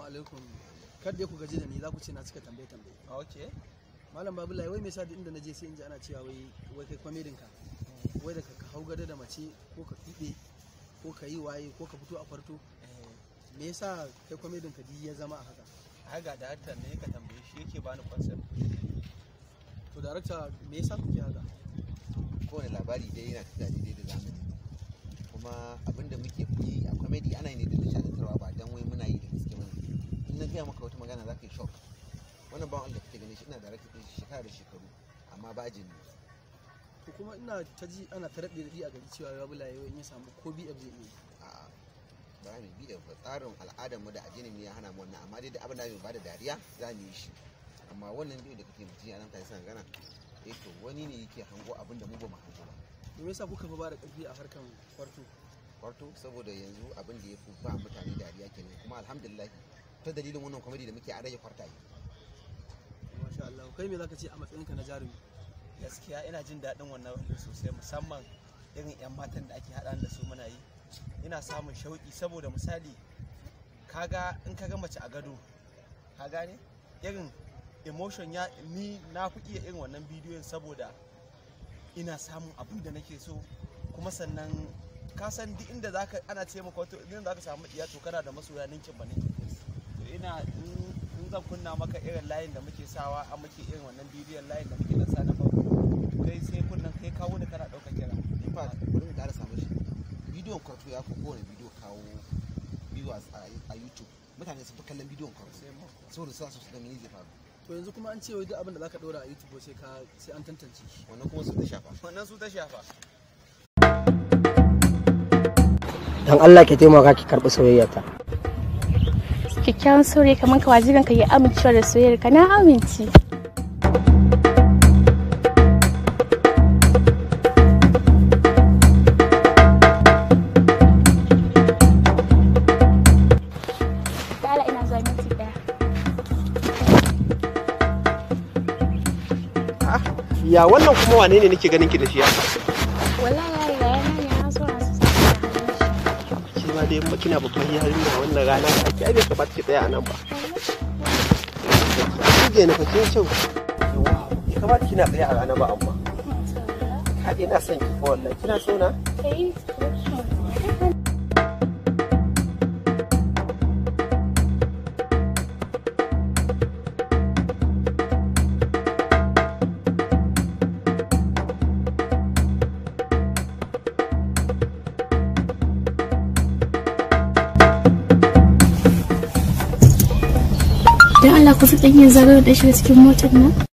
assalamu alaikum kada ku gaji da ni za ku ce na cika tambaye tambaye ah, oke malam babula wai me yasa duk inda naje sai in ji ana cewa wai wai kai kwamedin ka wai da ka hau gado da mace ko ka tuɗe ko ka yi waye ko ka fito a farto eh. me yasa kai kwamedin ka ya zama a haka haga da hatta ne ka tambaye shi yake bani concept to darakta me yasa kuke haka kowane labari dai yana tunani dai da zamani kuma abinda muke yi a comedy ana ne da na gaya maka wata magana za ka yi shock wannan ba wanda kake gani shi ina da rakin shi shekara da shekaru amma jin ne to kuma ina ta ji ana ta raɗe raɗi a gari cewa ya bula yau in ya samu ko bf zai iya a'a ba mu bf ba tsarin al'adar mu da addinin mu ya hana mu wannan amma dai da abin da ba da dariya za mu yi shi amma wannan biyu da kake mutum a ta yi san gana eh to wani ne yake hango abin da mu ba mu hango ba me yasa kuka fi ba da ƙarfi a harkan kwarto kwarto saboda yanzu abin da ya fi ba mutane dariya kenan kuma alhamdulillah ta dalilin wannan kwamiti da muke a rage kwartaye masha Allah kai me zaka ce a matsayinka na jarumi gaskiya ina jin daɗin wannan wani sosai musamman irin 'yan matan da ake hada da su muna yi ina samun shauƙi saboda misali kaga in kaga mace a gado ka gane irin emotion ya ni na fi iya irin wannan bidiyon saboda ina samun abin da nake so kuma sannan ka san duk inda zaka ana ce maka wato inda zaka samu iya to kana da masoya ninkin ba ninkin ina in zan kunna maka irin layin da muke sawa a muke irin wannan bidiyon layin da muke nasa na farko kai sai kunnan kai kawo ni kana ɗaukar kira in fa bari mu ƙara samu shi bidiyon kwarto ya fi kowane bidiyo kawo viewers a youtube mutane su fi kallon bidiyon kwarto saboda suna so su gani zai faru to yanzu kuma an ce wai duk abin da zaka ɗora a youtube sai ka sai an tantance shi wannan kuma su ta shafa wannan su ta shafa dan Allah ke taimaka ki karɓi soyayyata kyakkyawan saurayi kamar ka wajiban ka yi amincewa da soyayyar ka na amince ah, ya wannan kuma wane ne nake ganin ki da shi wallahi da yamma kina babban yarinya wannan rana ta ai bai kamata ki tsaya a nan ba kuje na fashin kyau ya kamata kina tsaya a rana ba amma ka na son ki wannan kina so na eh, don Allah ku fi ɗanyen zaro da shi cikin motar nan